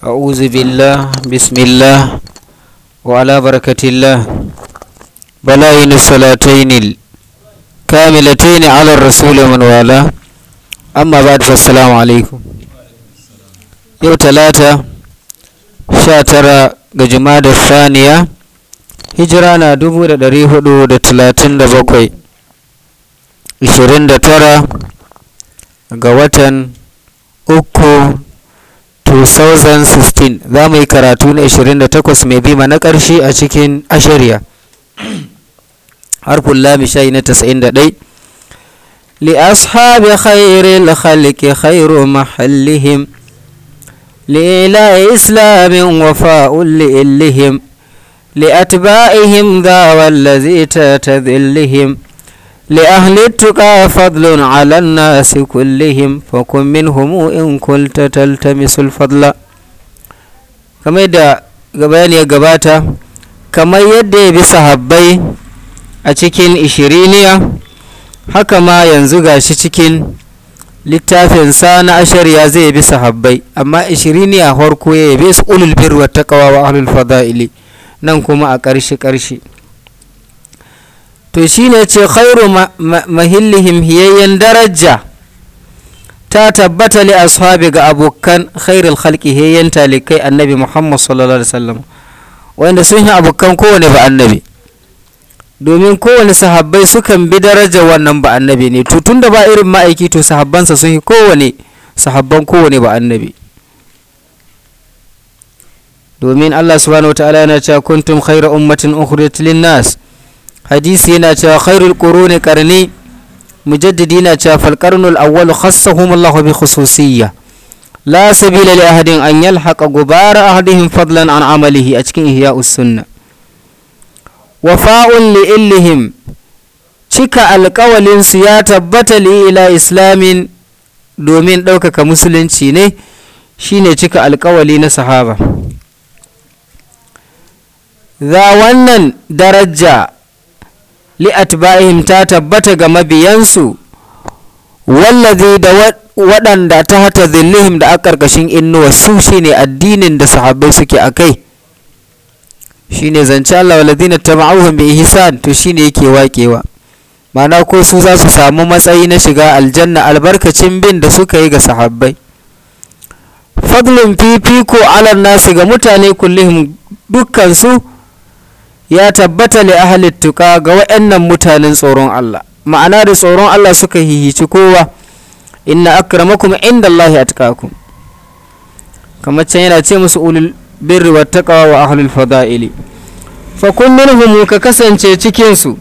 A'uzibilla Bisimilla wa'ala barkatilla ba za a yi ni salatainin kamila ta wala amma ba ta faɗi salaamualeykum yau talata sha tara ga jumaarar saniya hijira na dubu da dari da talatin 29 ga watan uku 2016 za mu yi karatu na 28 mai bima na ƙarshe a cikin ashirya harkun lami shayi na 91 li لأصحاب خير الخلق خير محلهم لإله إسلام وفاء لإلهم لأتباعهم ذا والذي تتذلهم لأهل التقى فضل على الناس كلهم فكن منهم إن كنت تلتمس الفضل كما يدى bayani ya gabata kamar yadda ya bi sahabbai a cikin ishiriniya haka ma yanzu gashi cikin littafin na ashariya zai bi sahabbai amma ishiriniya harko ya yabe su ulul birwa taqwa wa ahlul fada'ili nan kuma a ƙarshe ƙarshe to shi ne ce khairu mahillihim hiyayyen daraja ta tabbata li ashabi ga abokan khairul khalqi hiyayyen talikai annabi muhammad sallallahu alaihi wasallam wanda sun yi abokan kowane ba annabi domin kowane sahabbai sukan bi daraja wannan ba annabi ne to da ba irin ma'aiki to sahabbansa sun yi kowane sahabban kowane ba annabi domin Allah subhanahu wa ta'ala yana cewa kuntum khayra ummatin ukhrijat lin-nas hadisi yana cewa khairul quruni karni mujaddidi yana cewa fal qarnul awwal khassahum Allah bi khususiyya la sabila li ahadin an yalhaqa gubara ahadihim fadlan an amalihi a cikin ihya'us sunna wafa'un li illihim cika su ya tabbata li ila islamin domin ɗaukaka musulunci ne shine cika alkawali na sahaba za wannan daraja li'atba'ihim ta tabbata ga mabiyansu wallazi da waɗanda ta hata zillihim da a ƙarƙashin innuwa su shine addinin da sahabbai suke a kai shine zance Allah walazina taba'uhum bi ihsan to shine yake wakewa mana ko su za su samu matsayi na shiga aljanna albarkacin bin da suka yi ga sahabbai fadlun fifiko ala nasu ga mutane kullihim dukkan su ya tabbata li ahli tuka ga waɗannan mutanen tsoron Allah ma'ana da tsoron Allah suka hihici kowa inna akramakum indallahi atqakum kamar can yana ce musu ulul birri wa taqwa wa ahlul fada'ili fa kun minhum ka kasance cikin su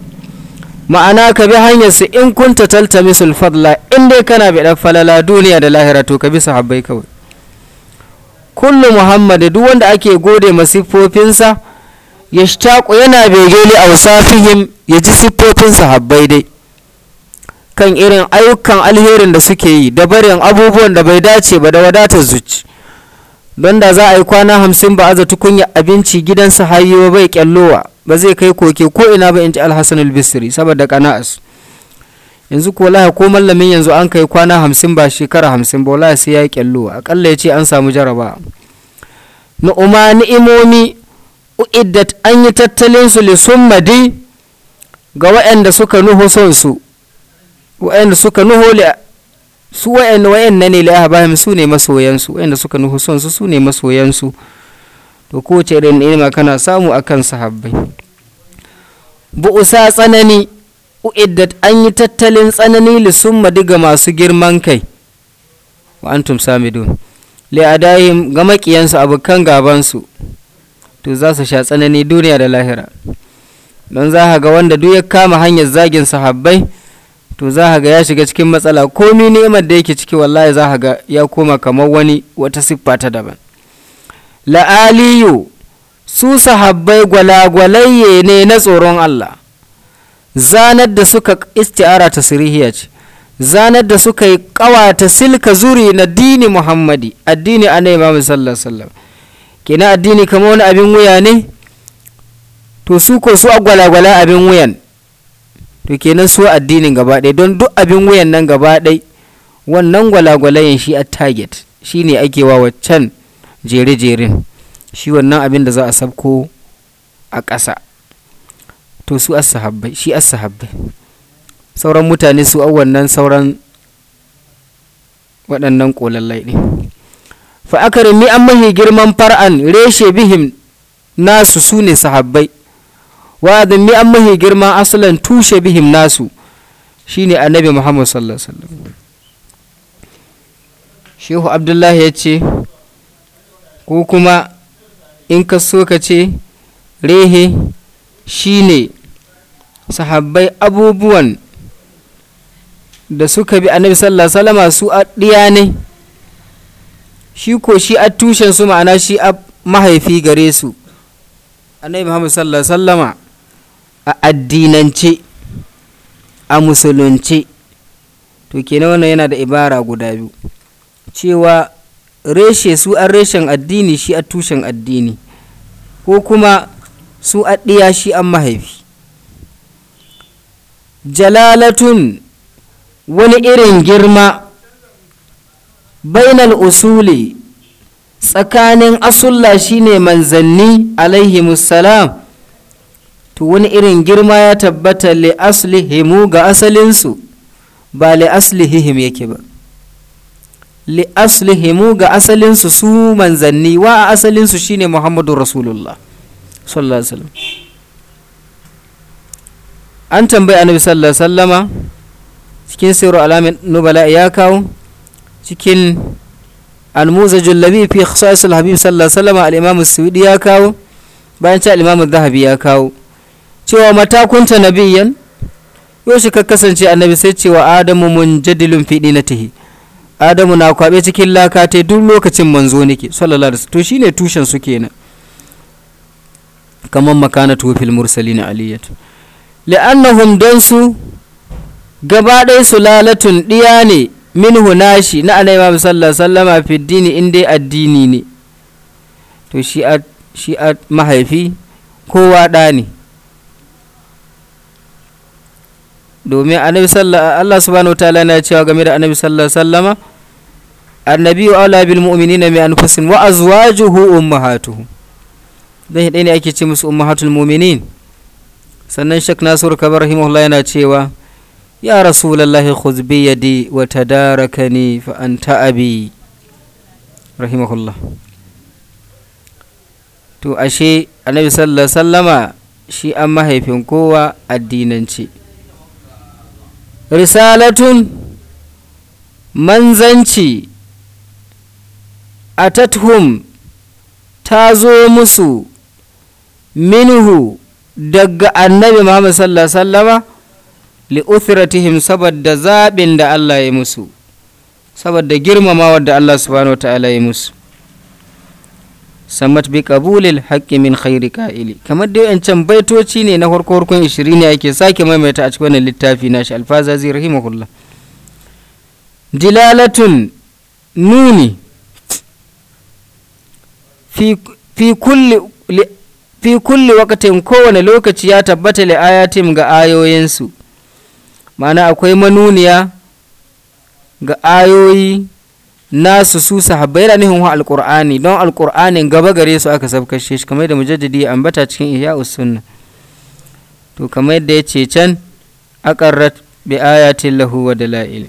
ma'ana ka bi hanyar su in kun kunta taltamisul fadla in dai kana bi dan falala duniya da lahira to ka bi sahabbai kawai kullu muhammad duk wanda ake gode masifofinsa yashtaqu yana bege li awsafihim ya ji siffofin sahabbai dai kan irin ayyukan alherin da suke yi da barin abubuwan da bai dace ba da wadatar zuci don da za a yi kwana hamsin ba aza tukunya abinci gidan sahayi bai kyallowa ba zai kai koke ko ina ba in ji alhassan albisri saboda kana'as yanzu ko laha ko mallamin yanzu an kai kwana hamsin ba shekara hamsin ba wala sai ya yi kyallowa akalla ya ce an samu jaraba na'uma ni'imomi uiddat an yi tattalin su li ga waɗanda suka nuhu son su suka nuhu su wa'yan na ne li bayan su ne masoyansu waɗanda suka nuhu son su su ne masoyansu to kowace irin ma kana samu akan sahabbai sa tsanani uiddat an yi tattalin tsanani li ga masu girman kai wa antum samidun li adahim ga makiyansu abokan gabansu to za su sha tsanani duniya da lahira don za ga wanda duk ya kama hanyar zagin sahabbai to za ga ya shiga cikin matsala komi ni'imar da yake ciki wallahi za ga ya koma kamar wani wata siffa ta daban la'aliyu su sahabbai gwalagwalayye ne na tsoron Allah zanar da suka isti'ara ta sirihiya ce zanar da suka yi kawata silka zuri na dini muhammadi addini na muhammad sallallahu alaihi kenan addini kamar wani abin wuya ne to su ko su agwalagwala abin wuyan to kenan su addinin gaba ɗaya don duk abin wuyan nan gaba ɗaya wannan gwalagwalayen shi a target shi ne ake wa waccan jere-jeren shi wannan abin da za a sabko a ƙasa to su asahabbai shi asahabbai sauran mutane su a wannan sauran waɗannan ƙolallai ne fa akarimi an mahi girman far'an reshe bihim nasu su ne sahabbai wa mi an mahi girman asalan tushe bihim nasu shine annabi muhammad sallallahu alaihi shehu abdullahi ya ce ko kuma in ka so ka ce rehe shi ne sahabbai abubuwan da suka bi annabi sallallahu alaihi su a ne shi ko shi a tushen su ma'ana shi a mahaifi gare su annabi muhammad sallallahu sallama a addinance a musulunce to kenan wannan yana da ibara guda biyu cewa reshe su an reshen addini shi a tushen addini ko kuma su a ɗiya shi an mahaifi jalalatun wani irin girma bainal usuli tsakanin asulla shine manzanni musalam to wani irin girma ya tabbata li aslihimu ga asalinsu ba li aslihihim yake ba li aslihimu ga asalinsu su manzanni wa a asalinsu shine muhammadu rasulullah sallallahu alaihi wasallam an tambayi annabi sallallahu alaihi wasallama cikin sirru alamin nubala ya kawo cikin almuzajul labi fi habib sallallahu alaihi suwidi ya kawo bayan ci al-imam zahabi ya kawo cewa matakunta nabiyyan yoshi ka kasance annabi sai cewa adamu munjadilun na dinatihi adamu na kwabe cikin laka duk lokacin manzo nake sallallahu alaihi to shine tushen su kenan kamar makana tufil mursalin aliyatu li'annahum dan su gaba ɗaya su lalatun ɗiya ne min hunashi na ana imam sallallahu alaihi wasallam fi dini in dai addini ne to shi a shi a mahaifi kowa ɗa ne domin annabi sallallahu Allah subhanahu ta'ala na cewa game da annabi sallallahu alaihi wasallama annabi wa ala bil mu'minina min anfusin wa azwajuhu ummahatuhum dan hidai ne ake ce musu ummahatul mu'minin sannan shak nasur kabar rahimahullah yana cewa ya يا رسول الله خذ بيدي وتداركني فأنت أبي رحمه الله to ashe annabi sallallahu sallama shi an mahaifin kowa addinanci risalatun manzanci atathum ta zo musu minhu daga annabi muhammad sallallahu sallama li'uthratihim saboda zaɓin da Allah ya musu saboda girmama wadda Allah subhanahu ta'ala ya musu samat bi qabulil haqqi min khairi qa'ili kamar dai yancan baitoci ne na farko farkon 20 ne ake sake maimaita a cikin wannan littafi na shi alfazazi rahimahullah dilalatun nuni fi fi kulli fi kulli waqtin kowane lokaci ya tabbata li ayatim ga ayoyinsu ma'ana akwai manuniya ga ayoyi nasu su sahabbai da nihin alqur'ani don alƙur'anin gaba gare su aka sabkashe shi kamar da mujaddidi ya ambata cikin ihya sunna to kamar yadda ya ce can aqarrat bi ayatin lahu wa dalail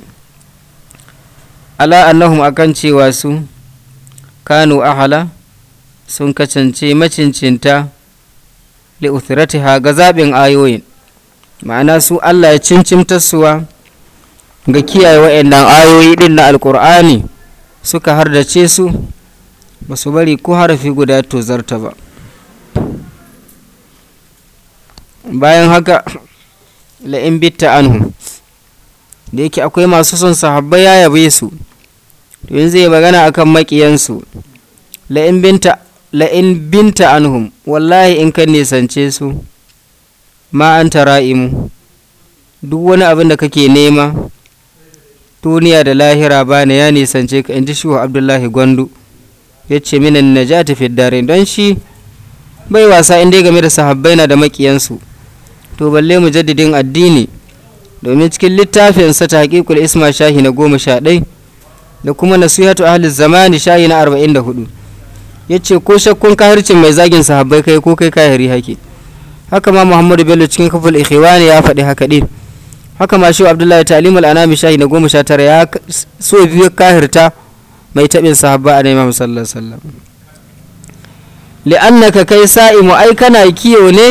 ala annahum akan cewa su kanu ahala sun kacance macincinta li uthratiha ga zaɓin ayoyin ma'ana su Allah ya cincimtarsuwa ga kiyaye wa'annan ayoyi din na alkur'ani suka hardace su ba su bari ko harafi guda tozarta ba bayan haka la'in bitta anhu da yake akwai masu son sahabbai ya yabe su to yanzu ya magana akan maƙiyansu la'in binta anhum wallahi in kan nisance su ma an imu duk wani abin da kake nema duniya da lahira ba na ya nisance ka ji shi abdullahi gwandu ya ce minan na ja tafi dare don shi bai wasa inda game da sahabbai na da makiyansu to balle mu jaddadin addini domin cikin littafinsa ta haƙiƙul isma shahi na goma sha ɗai da kuma na ta ahli zamani shahi na arba'in da hudu ya ce ko shakkun kahircin mai zagin sahabbai kai ko kai kahiri hake haka ma muhammadu bello cikin ikhiwa ne ya faɗi haka ɗin haka ma shehu abdullahi ta'alim anami shahi na goma sha tara ya so biyu kahirta mai taɓin sahabba a imam sallallahu alaihi na li'annaka kai sa'imu ai kana kiyo ne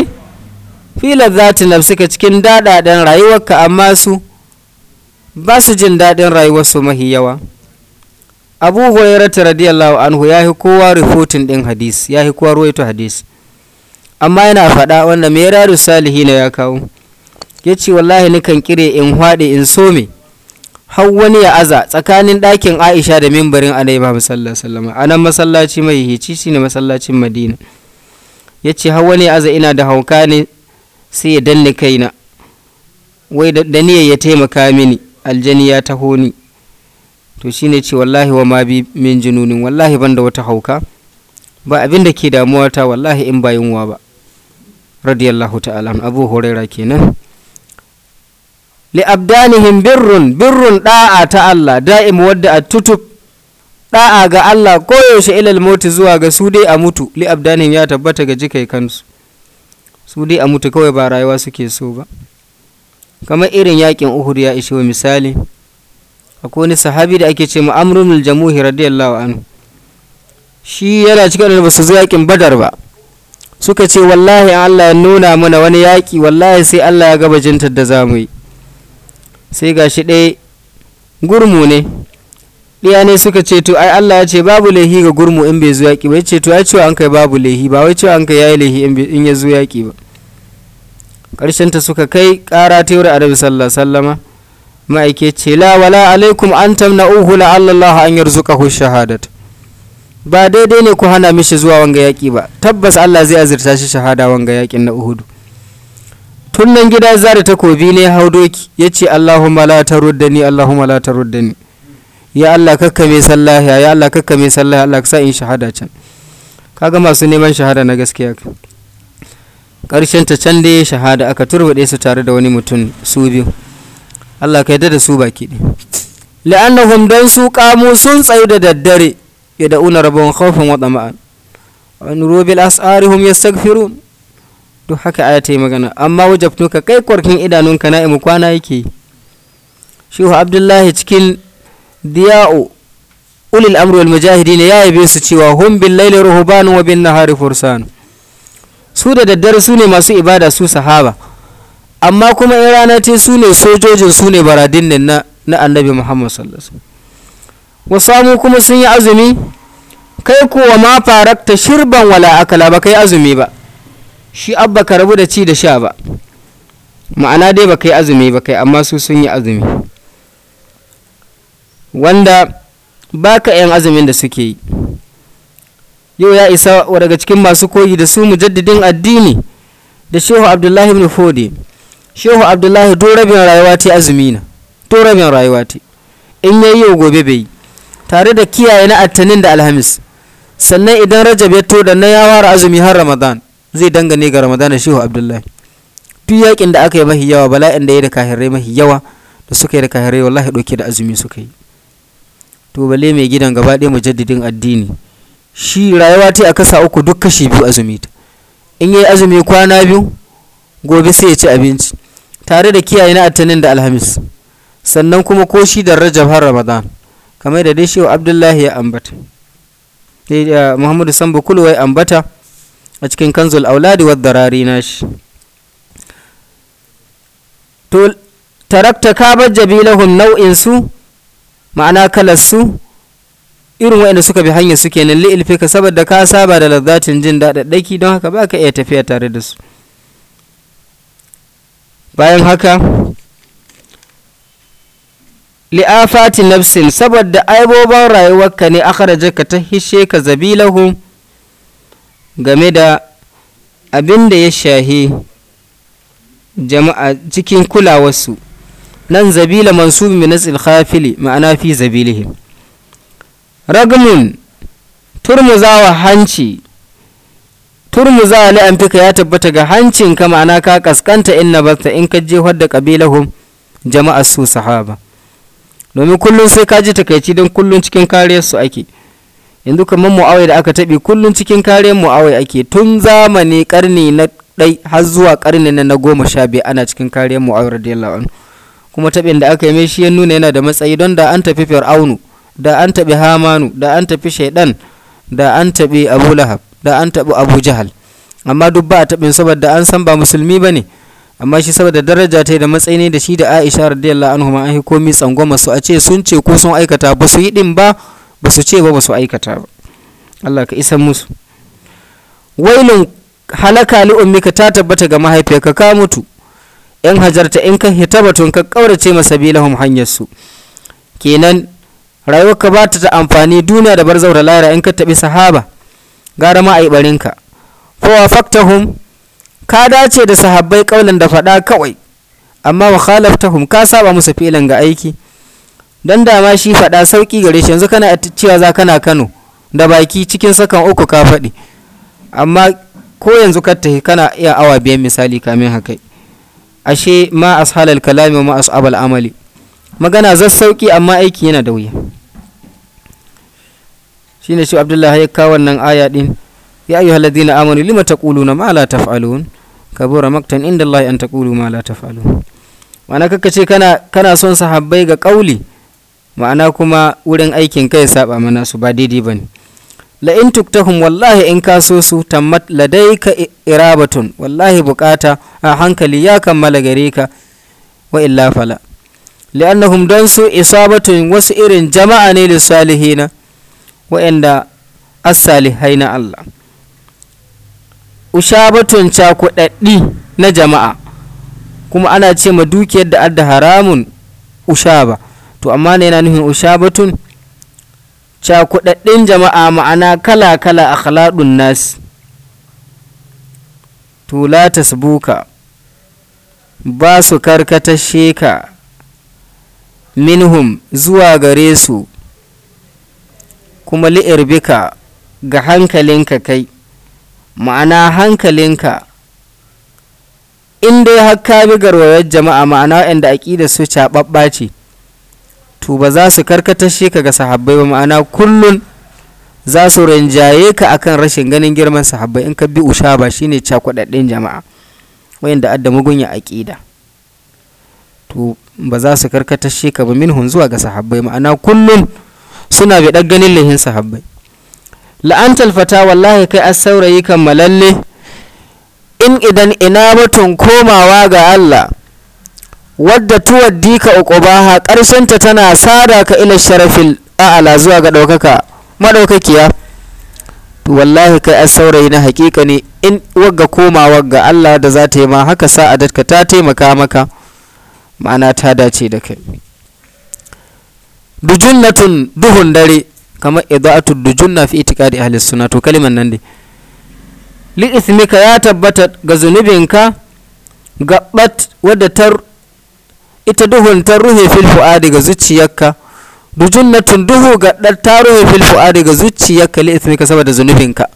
filar zati nafsika cikin daɗaɗen rayuwarka amma su ba su jin daɗin rayuwar su mahi yawa abu hurairata radiyallahu anhu ya yi kowa rifotin ɗin hadis ya yi kowa ruwaito hadis amma yana faɗa wanda mai salihi na ya kawo ya ce wallahi nikan kire in haɗe in so me har wani ya aza tsakanin ɗakin aisha da mimbarin anai ba sallama a nan masallaci mai hici shi ne masallacin madina ya ce har wani ya aza ina da hauka ne sai ya danne kaina wai da niyyar ya taimaka mini aljani ya taho ni to shi ne ce wallahi wa ma bi min jinunin wallahi ban da wata hauka ba abin da ke damuwa ta wallahi in ba yunwa ba radiyallahu ta'ala abu huraira kenan abdanihim birrun birrun da'a ta Allah da'im wadda a tutub da'a ga Allah koyaushe ilal moti zuwa ga su dai a mutu li li'abdanihim ya tabbata ga jikai kansu su dai a mutu kawai ba rayuwa suke so ba kamar irin yakin uhud ya ishe wa misali akwai wani sahabi da ake ce mu amrunul jamuhi radiyallahu anhu shi yana cikin da ba su zo yakin badar ba suka ce wallahi Allah ya nuna mana wani yaƙi wallahi sai Allah ya gaba jintar da zamu yi sai gashi ɗaya gurmu ne ɗiya ne suka ce to ai Allah ya ce babu laihi ga gurmu in bai zo yaƙi ba ya ce to ai cewa an kai babu laihi ba wai cewa an kai yayi laihi in ya zo yaƙi ba ƙarshen ta suka kai ƙara ta yi annabi sallallahu alaihi sallama ma'aike ce la wala alaikum an tamna tamna'uhu allah an yarzuqahu shahadat ba daidai ne ku hana mishi zuwa wanga yaƙi ba tabbas Allah zai azurta shi shahada wanga yaƙin na Uhudu tun nan gida zara takobi ne hau doki ya ce Allahumma la taruddani Allahumma la taruddani ya Allah kakka mai sallah ya Allah kakka mai sallah Allah sa in shahada can kaga masu neman shahada na gaskiya karshen ta can dai shahada aka turbaɗe su tare da wani mutum su biyu Allah ka yadda da su baki ɗin. la'annahum dan su kamu sun tsayu da daddare يدعون ربهم خوفا وطمعا وعن روب الأسعار هم يستغفرون duk haka aya ta yi magana amma wajabtuka kai kwarkin idanunka na'imu kwana yake shehu abdullahi cikin diya'u ulil amru wal mujahidin ya yabe su cewa hum bil laili ruhban wa bin nahari su da daddare su ne masu ibada su sahaba amma kuma in rana ce su ne sojojin su ne baradin na annabi muhammad sallallahu wasamu kuma sun yi azumi kai kuwa ma farakta shirban wala akala ba kai azumi ba shi abba ka rabu da ci da sha ba ma'ana dai ba kai azumi ba kai amma su sun yi azumi wanda ba ka yan azumin da suke yi yau ya isa wa daga cikin masu koyi da su mujaddidin addini da shehu abdullahi ibn fode shehu abdullahi to rabin rayuwa ta azumi na to rabin rayuwa ta in yayi yau gobe bai yi tare da kiyaye na attanin da alhamis sannan idan rajab ya to da na yawa azumi har ramadan zai dangane ga ramadan shehu abdullahi duk yakin da aka yi mahi yawa bala'in da ya da kahirai mahi yawa da suka yi da kahirai wallahi ɗauke da azumi suka yi to bale mai gidan gaba ɗaya mujaddidin addini shi rayuwa ta a kasa uku duk kashi biyu azumi ta in yi azumi kwana biyu gobe sai ya ci abinci tare da kiyaye na attanin da alhamis sannan kuma ko shi da rajab har ramadan kamar da dai shehu abdullahi ya ambata eh, muhammadu sambu kulwa ya ambata a cikin kanzul auladi wadda rari nashi to tarakta ka bar jabilahum nau'in su ma'ana kalar su irin waɗanda suka bi hanyar suke kenan li'ilfi ka saboda ka saba da lardatin jin daɗaɗɗaki don haka ba ka iya tafiya tare da su bayan haka li'afati nafsin saboda aibobin rayuwarka ne raje ka ta hishe ka zabilahu game da abin da ya shahi jama'a cikin kulawarsu nan zabila mansubi min nasil khafili ma'ana fi zabilihim ragmun turmuzawa hanci turmuzawa la'amfika ya tabbata ga hancinka ka ma'ana ka kaskanta in na in ka jefar da kabilahum jama'a su sahaba domin kullum sai kaji takaici don kullum cikin kariyar su ake yanzu kamar mu'awai da aka taɓi kullum cikin kariyar mu'awai ake tun zamani karni na ɗai har zuwa karni na na goma sha biyu ana cikin kariyar mu'awai radiyallahu anhu kuma taɓin da aka yi mai shi ya nuna yana da matsayi don da an tafi fir'aunu da an taɓi hamanu da an tafi shaidan da an taɓi abu lahab da an taɓi abu jahal amma duk ba a taɓin saboda an san ba musulmi ba ne amma shi saboda daraja ta da matsayi ne da shi da Aisha radiyallahu anhu ma an komi tsangwama su a ce sun ce ko sun aikata ba su yi din ba ba su ce ba ba su aikata ba Allah ka isa musu wailun halaka li ummika ta tabbata ga mahaifiyarka ka mutu yan hajarta in ka hitabatun ka kaurace masabilahum hanyar su kenan rayuwarka ba ta amfani duniya da barzau da lahira in ka tabi sahaba gara ma a yi barinka fa wafaktahum ka dace da sahabbai kaulan da faɗa kawai amma wa khalaftahum ka saba musu filan ga aiki dan dama shi faɗa sauki gare shi yanzu kana cewa za kana Kano da baki cikin sakan uku ka faɗi amma ko yanzu ka tahi kana iya awa biyan misali kamin haka ashe ma ashalal kalami ma al amali magana zai sauki amma aiki yana da wuya shine shi Abdullahi ya kawo wannan aya din يا أيها الذين آمنوا لم تقولون ما لا تفعلون كبر مقتا عند الله أن تقولوا ما لا تفعلون ma'ana kaka ce kana kana son sahabbai ga ƙauli ma'ana kuma wurin aikin kai saba mana su ba daidai ba ne la in tuktahum wallahi in ka so su tammat ladaika irabatun wallahi bukata a hankali ya kammala gare ka wa illa fala li'annahum don su isabatun wasu irin jama'a ne lissalihina wa'anda as-salihai na Allah ushabatun cakuɗaɗɗi na jama'a kuma ana ce ma dukiyar da adda haramun ushaba to amma ne yana nufin ushabatun cakuɗaɗɗin jama'a ma'ana kala-kala a khalaɗun nasi to la tasbuka ba su karkatashe ka minhum zuwa gare su kuma li'irbika ga hankalinka kai ma'ana hankalinka in dai har ka bi garwayar jama'a ma'ana waɗanda aƙida su caɓaɓɓa ce to ba za su karkata shi ka ga sahabbai ba ma'ana kullum za su rinjaye ka akan rashin ganin girman sahabbai in ka bi shi shine cakuɗaɗɗen jama'a wayanda adda mugunya aƙida to ba za su karkata shi ka ba minhun zuwa ga sahabbai ma'ana kullum suna bi ganin lahin sahabbai la'antar fata wallahi kai as saurayi kammalalle in idan ina mutum komawa ga Allah wadda dika ka uqubaha ta tana sada ka ila sharafin a'ala zuwa ga ɗaukaka maɗaukakiya wallahi kai as saurayi na hakika ne in wagga komawa ga Allah da za ta yi ma haka ka ta taimaka maka ma'ana ta dace da kai dujunnatun duhun dare kamar idatu dujunna fi itikadi ahli sunna to kaliman nan ne li ismika ya tabbata ga zunubinka gabbat wadda tar ita duhun tar ruhi fil fu'adi ga zuciyarka tun duhu ga dar ta ruhe fil fu'adi ga zuciyarka li ismika saboda zunubinka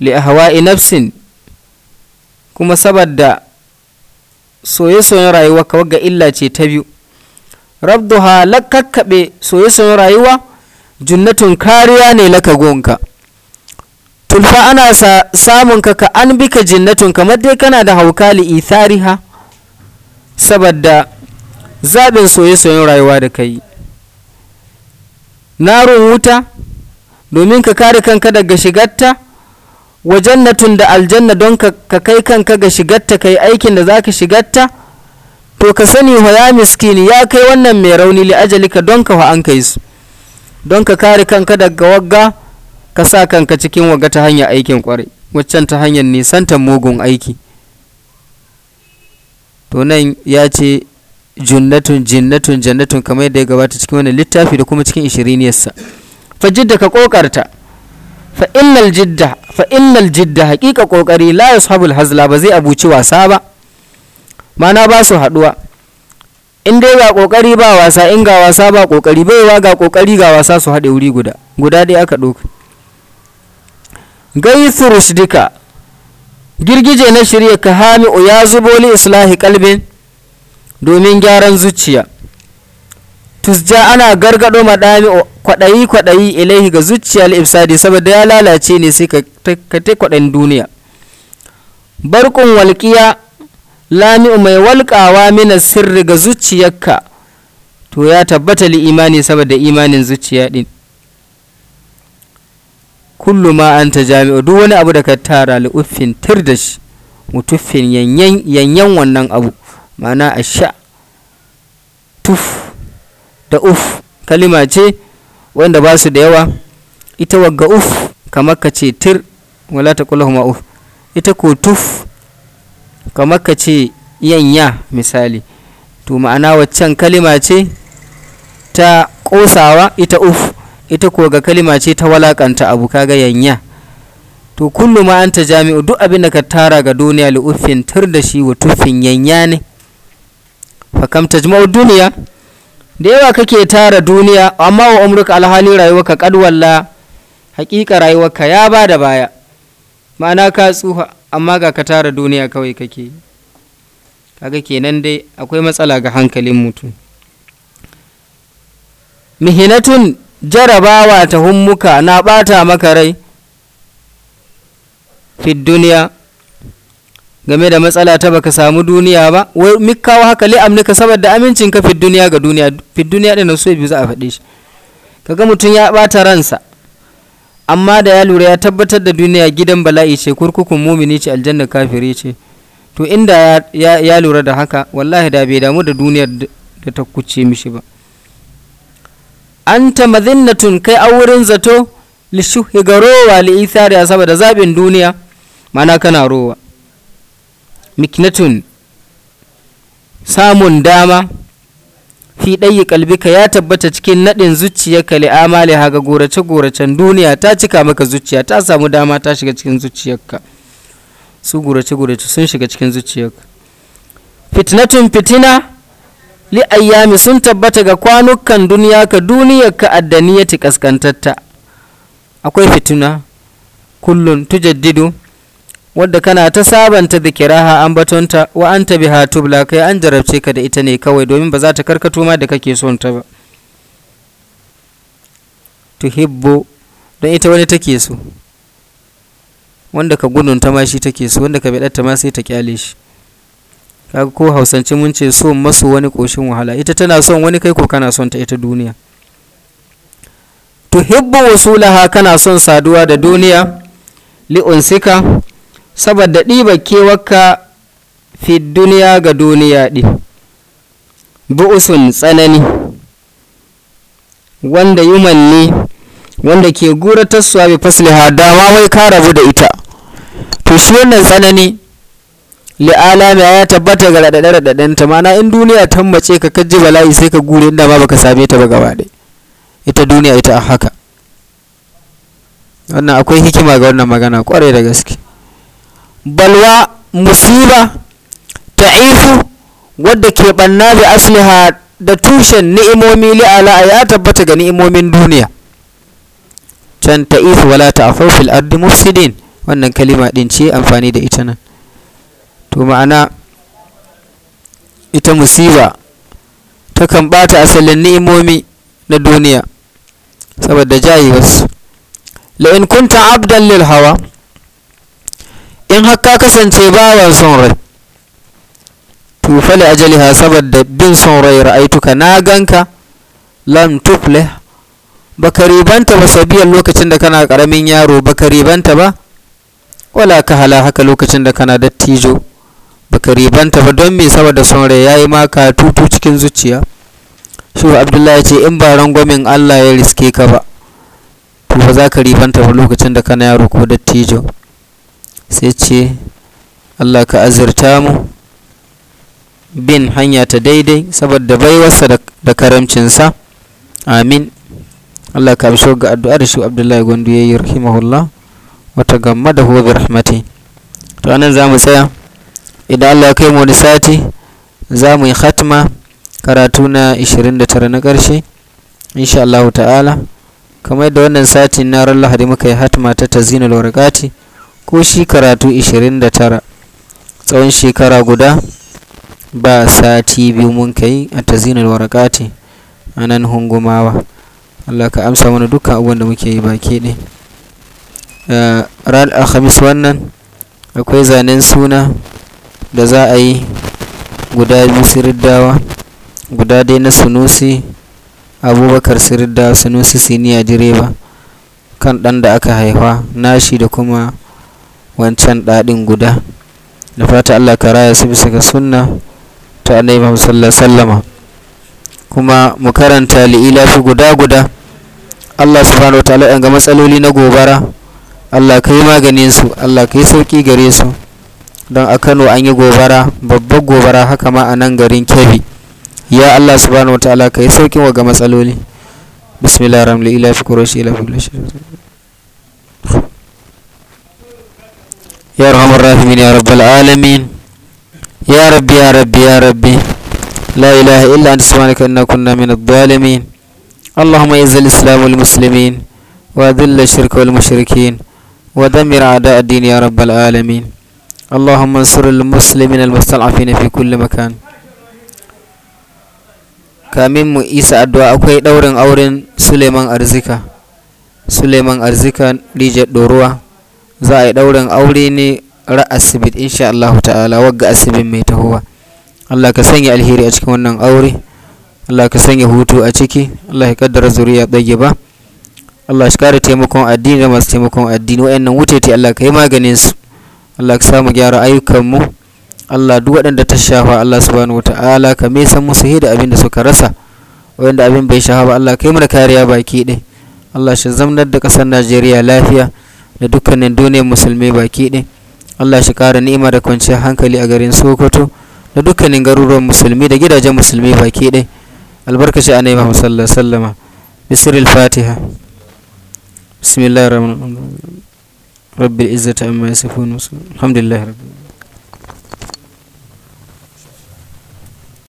li ahwa'i nafsin kuma saboda soye-soyen rayuwarka wagga illa ce ta biyu rabduha lakakkaɓe soye-soyen rayuwa junnatun kariya ne laka gonka tulfa ana sa samun ka ka an bika jinnatun kamar dai kana da hauka li ithariha saboda zaɓin soye-soyen rayuwa da ka yi narun wuta domin ka kare kanka daga shigarta wa jannatun da aljanna don ka kai kanka ga shigarta ka aikin da za ka shigarta to ka sani wa ya miskini ya kai wannan mai rauni li ajalika don ka an kai su don ka kare kanka daga wagga ka sa kanka cikin wagga ta hanyar aikin kwarai waccan ta hanyar nisantar mugun aiki to nan ya ce jinnatun jinnatun jannatun kamar yadda ya gabata cikin wani littafi da kuma cikin ishiriniyarsa fa jidda ka kokarta fa innal jidda fa innal jidda haƙiƙa kokari la yashabul hazla ba zai abuci wasa ba mana ba su haɗuwa in dai ga kokari ba wasa in ga wasa ba kokari baiwa ga kokari ga wasa su haɗe wuri guda guda dai aka ɗauka gaisu rushdika girgije na shirya ka hami ya zubo li islahi kalbin domin gyaran zuciya tusja ana gargado dami kwaɗayi kwaɗayi ilaihi ga zuciya ifsadi saboda ya lalace ne sai ka ta kwadan duniya barkun walƙiya lami'u mai walƙawa mina sirri ga zuciyarka to ya tabbata li imani saboda imanin zuciya din kullu ma anta jami'u duk wani abu da ka tara li uffin tir da shi mutuffin yanyan wannan abu mana a sha tuf da uf kalima ce wanda ba su da yawa ita wagga uf kamar ka ce tir wala ta kula uf ita ko tuf kamar ka ce yanya misali to ma'ana waccan kalima ce ta ƙosawa ita uf ita ko ga kalima ce ta walakanta abu kaga yanya to kullu ma anta jami'u duk abin da ka tara ga duniya li uffin tur da shi wa tuffin yanya ne fa tajma'u duniya da yawa kake tara duniya amma wa umruka alhali rayuwarka kadwalla hakika haƙiƙa rayuwarka ya ba baya ma'ana ka tsufa amma ga ka tara duniya kawai kake kaga kenan dai akwai matsala ga hankalin mutum mihinatun jarabawa ta hummuka na bata maka rai fit duniya game da matsala ta baka samu duniya ba wai mikawo haka ne saboda amincin ka fit duniya ga duniya fit duniya ɗin so biyu za a faɗi shi kaga mutum ya ɓata ransa amma da ya lura ya tabbatar da duniya gidan bala'i ce kurkukun mumini ce aljanna kafiri ce to inda ya, lura da haka wallahi da bai damu da duniyar da ta kuce mishi ba ta mazinnatun kai a wurin zato lishuhi ga rowa li'ithariya saboda zaɓin duniya mana kana rowa miknatun samun dama fi ɗayi kalbika ya tabbata cikin naɗin zuciyarka li amali haga gorace goracen duniya ta cika maka zuciya ta samu dama ta shiga cikin zuciyarka su gorace gorace sun shiga cikin zuciyarka fitnatun fitina li ayyami sun tabbata ga kwanukan duniya ka duniyar ka ta kaskantatta akwai fitina kullun tujaddidu wadda kana ta sabanta kiraha an batonta wa an ta biha tubla kai an jarabce ka da ita ne kawai domin ba za ta karkato ma da kake son ta ba tuhibbu don ita wani take so wanda ka gudun ta ma shi take so wanda ka bidatta ma sai ta kyale shi kaga ko hausance mun ce so masu wani koshin wahala ita tana son wani kai ko kana son ta ita duniya tuhibbu wasulaha kana son saduwa da duniya li'unsika saboda ɗiba kewarka fi duniya ga duniya ɗin bu'usun tsanani wanda ne wanda ke gura guratarsuwa bi fasliha dama wai ka rabu da ita to shi wannan tsanani mai ya tabbata ga raɗaɗe raɗaɗen ta mana in duniya ta mace ka kaji bala'i sai ka gure inda ma baka same ta ba gaba ɗaya ita duniya ita a haka wannan akwai hikima ga wannan magana kwarai da gaske balwa musiba ta'ifu wadda ke banna bi asliha da tushen ni'imomi li'ala ya tabbata ga ni'imomin duniya can ta'ifu wala ta'afaw fil ardi mufsidin wannan kalima din ce amfani da ita nan to ma'ana ita musiba takan bata asalin ni'imomi na duniya saboda jayi wasu la'in kunta abdan lil hawa in har ka kasance bawan son rai to fali ajaliha saboda bin son rai ra'aituka na ganka lam tufle baka ribanta ba sabiyar lokacin da kana karamin yaro baka ribanta ba wala ka hala haka lokacin da kana dattijo baka ribanta ba don me saboda son rai yayi maka tutu cikin zuciya shi abdullahi ce in ba rangwamin Allah ya riske ka ba to ba za ka ribanta ba lokacin da kana yaro ko dattijo sai ce Allah ka azurta mu bin hanya ta daidai saboda baiwarsa da karamcinsa amin Allah ka amshi ga addu'ar shi Abdullahi Gondo yayi rahimahullah wata gamma da huwa bi rahmati to anan za mu tsaya idan Allah ya kai mu wani sati za mu yi khatma karatu na 29 na karshe insha Allah ta'ala kamar da wannan sati na ran lahadi muka yi hatima ta tazinul warqati ko shi karatu 29 tsawon shekara guda ba sati biyu mun kai a tazinar warakati a nan hungumawa Allah ka amsa mana dukkan abubuwan da muke yi baki ne. Eh, ran alhamis wannan akwai zanen suna da za a yi guda biyu siriddawa guda dai na sunusi abubakar siriddawa sunusi siniya direba kan ɗan da aka haifa nashi da kuma wancan ɗaɗin guda da fata Allah ka raya su bisa ga sunna ta annabi Muhammad sallallahu alaihi wasallam kuma mu karanta li'ilafi guda guda Allah subhanahu wataala ga matsaloli na gobara Allah kai maganin su Allah kai sauki gare su don a Kano an yi gobara babbar gobara haka ma a nan garin Kebbi ya Allah subhanahu wataala kai yi sauki wa ga matsaloli bismillahir rahmanir rahim li'ilafi quraish ila يا أرحم الراحمين يا رب العالمين يا ربي يا ربي يا ربي لا إله إلا أنت سبحانك إنا كنا من الظالمين اللهم إعز الإسلام والمسلمين وأذل الشرك والمشركين ودمر أعداء الدين يا رب العالمين اللهم انصر المسلمين المستضعفين في كل مكان kamin mu isa addu'a akwai ɗaurin auren suleiman arzika suleiman arzika rijar ɗoruwa za a yi ɗaurin aure ne ra'asibit insha Allahu ta'ala wagga asibin mai tahowa Allah ka sanya alheri a cikin wannan aure Allah ka sanya hutu a ciki Allah ya kaddara zuriya ba Allah shi kare taimakon addini da masu taimakon addini wayannan wutete Allah ka yi maganin su Allah ka samu gyara ayyukan mu Allah duk waɗanda ta shafa Allah subhanahu wata'ala ka me san musu hida abin da suka rasa wayanda abin bai shafa ba Allah ka yi mana kariya baki ɗaya Allah shi zamnar da ƙasar Najeriya lafiya da dukkanin duniyar musulmi baki ɗin Allah shi ƙara ni'ima da kwanciyar hankali a garin Sokoto da dukkanin garuruwan musulmi da gidajen musulmi baki ɗin albarkaci a naima musallar sallama bisiril fatiha bismillah rabbi izzata amma ya amma alhamdulillah